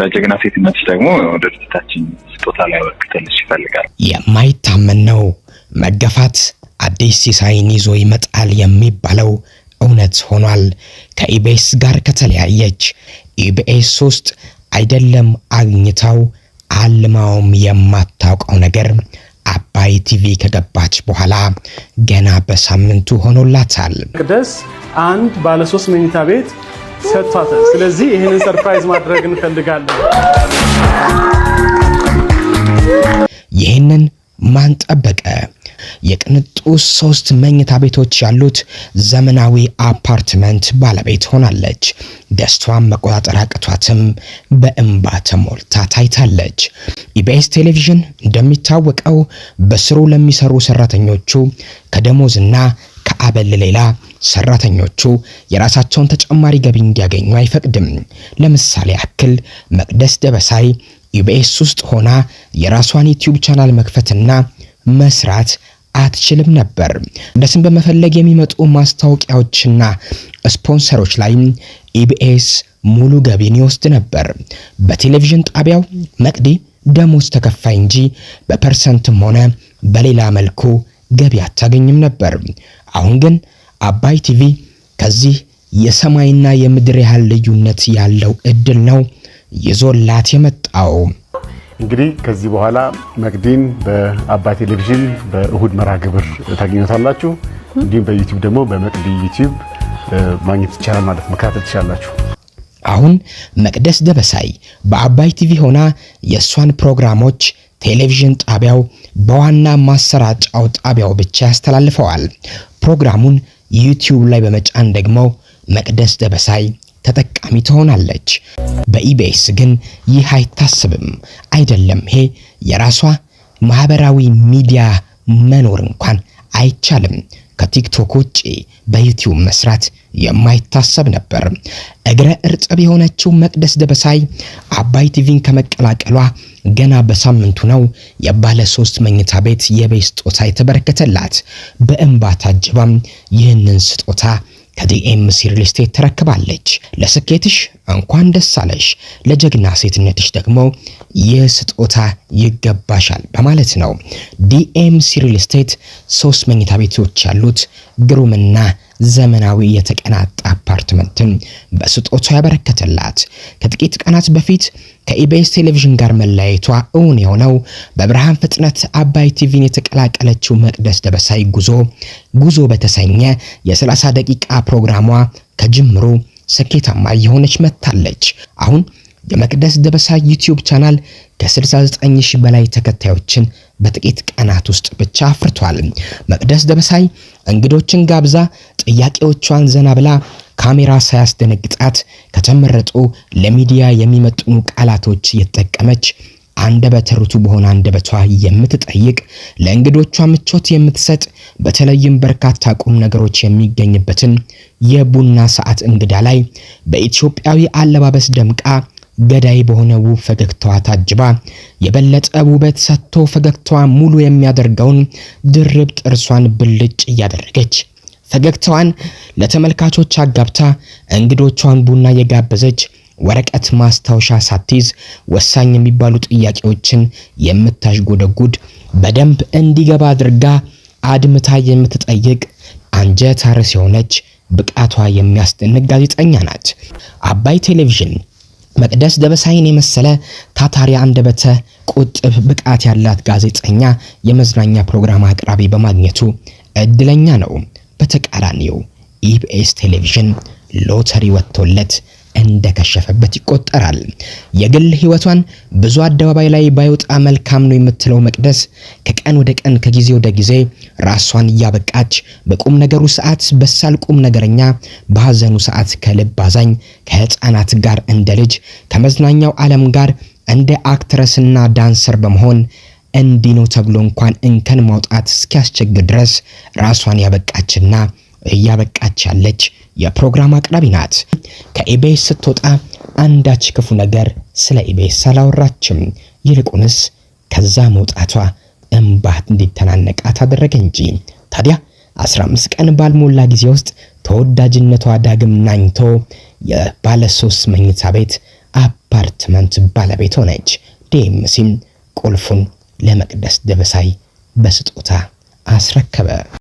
ለጀግና ሴትነት ደግሞ ድርጅታችን ስጦታ ላይ ይፈልጋል። የማይታመን ነው መገፋት አዲስ ሲሳይን ይዞ ይመጣል የሚባለው እውነት ሆኗል። ከኢቢኤስ ጋር ከተለያየች ኢቢኤስ ውስጥ አይደለም አግኝታው አልማውም የማታውቀው ነገር አባይ ቲቪ ከገባች በኋላ ገና በሳምንቱ ሆኖላታል። ቅደስ አንድ ባለሶስት መኝታ ቤት ሰጥቷት፣ ስለዚህ ይህንን ሰርፕራይዝ ማድረግ እንፈልጋለን። ይህንን ማን ጠበቀ? የቅንጡ ሶስት መኝታ ቤቶች ያሉት ዘመናዊ አፓርትመንት ባለቤት ሆናለች። ደስቷን መቆጣጠር አቅቷትም በእንባ ተሞልታ ታይታለች። ኢቢኤስ ቴሌቪዥን እንደሚታወቀው በስሩ ለሚሰሩ ሰራተኞቹ ከደሞዝና ከአበል ሌላ ሰራተኞቹ የራሳቸውን ተጨማሪ ገቢ እንዲያገኙ አይፈቅድም። ለምሳሌ ያክል መቅደስ ደበሳይ ኢቢኤስ ውስጥ ሆና የራሷን ዩቲዩብ ቻናል መክፈትና መስራት አትችልም ነበር። መቅደስን በመፈለግ የሚመጡ ማስታወቂያዎችና ስፖንሰሮች ላይ ኢቢኤስ ሙሉ ገቢን ይወስድ ነበር። በቴሌቪዥን ጣቢያው መቅዲ ደሞዝ ተከፋይ እንጂ በፐርሰንትም ሆነ በሌላ መልኩ ገቢ አታገኝም ነበር። አሁን ግን አባይ ቲቪ ከዚህ የሰማይና የምድር ያህል ልዩነት ያለው እድል ነው ይዞላት የመጣው። እንግዲህ ከዚህ በኋላ መቅዲን በአባይ ቴሌቪዥን በእሁድ መራ ግብር ታገኘታላችሁ። እንዲሁም በዩቲዩብ ደግሞ በመቅዲ ዩቲዩብ ማግኘት ይቻላል ማለት መከታተል ትችላላችሁ። አሁን መቅደስ ደበሳይ በአባይ ቲቪ ሆና የእሷን ፕሮግራሞች ቴሌቪዥን ጣቢያው በዋና ማሰራጫው ጣቢያው ብቻ ያስተላልፈዋል ፕሮግራሙን ዩቲዩብ ላይ በመጫን ደግሞ መቅደስ ደበሳይ ተጠቃሚ ትሆናለች። በኢቢኤስ ግን ይህ አይታሰብም። አይደለም ይሄ የራሷ ማህበራዊ ሚዲያ መኖር እንኳን አይቻልም። ከቲክቶክ ውጪ በዩቲዩብ መስራት የማይታሰብ ነበር። እግረ እርጥብ የሆነችው መቅደስ ደበሳይ አባይ ቲቪን ከመቀላቀሏ ገና በሳምንቱ ነው የባለ ሶስት መኝታ ቤት የቤት ስጦታ የተበረከተላት። በእንባ ታጅባም ይህንን ስጦታ ከዲኤምሲ ሪል ስቴት ተረክባለች። ለስኬትሽ እንኳን ደስ አለሽ፣ ለጀግና ሴትነትሽ ደግሞ የስጦታ ይገባሻል በማለት ነው። ዲኤምሲ ሪል ስቴት ሶስት መኝታ ቤቶች ያሉት ግሩምና ዘመናዊ የተቀናጠ አፓርትመንትን በስጦታ ያበረከተላት ከጥቂት ቀናት በፊት ከኢቢኤስ ቴሌቪዥን ጋር መለያየቷ እውን የሆነው በብርሃን ፍጥነት አባይ ቲቪን የተቀላቀለችው መቅደስ ደበሳይ ጉዞ ጉዞ በተሰኘ የ30 ደቂቃ ፕሮግራሟ ከጅምሮ ስኬታማ የሆነች መጥታለች። አሁን የመቅደስ ደበሳይ ዩቲዩብ ቻናል ከ69 ሺህ በላይ ተከታዮችን በጥቂት ቀናት ውስጥ ብቻ አፍርቷል። መቅደስ ደበሳይ እንግዶችን ጋብዛ ጥያቄዎቿን ዘና ብላ ካሜራ ሳያስደነግጣት ከተመረጡ ለሚዲያ የሚመጥኑ ቃላቶች የተጠቀመች አንደበተ ርቱዕ በሆነ አንደበቷ የምትጠይቅ ለእንግዶቿ ምቾት የምትሰጥ በተለይም በርካታ ቁም ነገሮች የሚገኝበትን የቡና ሰዓት እንግዳ ላይ በኢትዮጵያዊ አለባበስ ደምቃ ገዳይ በሆነ ውብ ፈገግታዋ ታጅባ የበለጠ ውበት ሰጥቶ ፈገግታዋ ሙሉ የሚያደርገውን ድርብ ጥርሷን ብልጭ እያደረገች ፈገግታዋን ለተመልካቾች አጋብታ እንግዶቿን ቡና የጋበዘች ወረቀት ማስታወሻ ሳትይዝ ወሳኝ የሚባሉ ጥያቄዎችን የምታሽጎደጉድ በደንብ እንዲገባ አድርጋ አድምታ የምትጠይቅ አንጀት አርስ የሆነች ብቃቷ የሚያስደንቅ ጋዜጠኛ ናት። አባይ ቴሌቪዥን መቅደስ ደበሳይን የመሰለ ታታሪ አንደበተ ቁጥብ ብቃት ያላት ጋዜጠኛ የመዝናኛ ፕሮግራም አቅራቢ በማግኘቱ እድለኛ ነው። በተቃራኒው ኢቢኤስ ቴሌቪዥን ሎተሪ ወጥቶለት እንደከሸፈበት ይቆጠራል። የግል ህይወቷን ብዙ አደባባይ ላይ ባይወጣ መልካም ነው የምትለው መቅደስ ከቀን ወደ ቀን ከጊዜ ወደ ጊዜ ራሷን እያበቃች በቁም ነገሩ ሰዓት በሳል ቁም ነገረኛ፣ በሐዘኑ ሰዓት ከልብ አዛኝ፣ ከህፃናት ጋር እንደ ልጅ፣ ከመዝናኛው ዓለም ጋር እንደ አክትረስና ዳንሰር በመሆን እንዲህ ነው ተብሎ እንኳን እንከን ማውጣት እስኪያስቸግር ድረስ ራሷን ያበቃችና እያበቃች ያለች የፕሮግራም አቅራቢ ናት። ከኢቢኤስ ስትወጣ አንዳች ክፉ ነገር ስለ ኢቢኤስ አላወራችም። ይልቁንስ ከዛ መውጣቷ እምባት እንዲተናነቃት አደረገ እንጂ ታዲያ 15 ቀን ባልሞላ ጊዜ ውስጥ ተወዳጅነቷ ዳግም ናኝቶ የባለ ሶስት መኝታ ቤት አፓርትመንት ባለቤት ሆነች። ዲኤምሲም ቁልፉን ለመቅደስ ደበሳይ በስጦታ አስረከበ።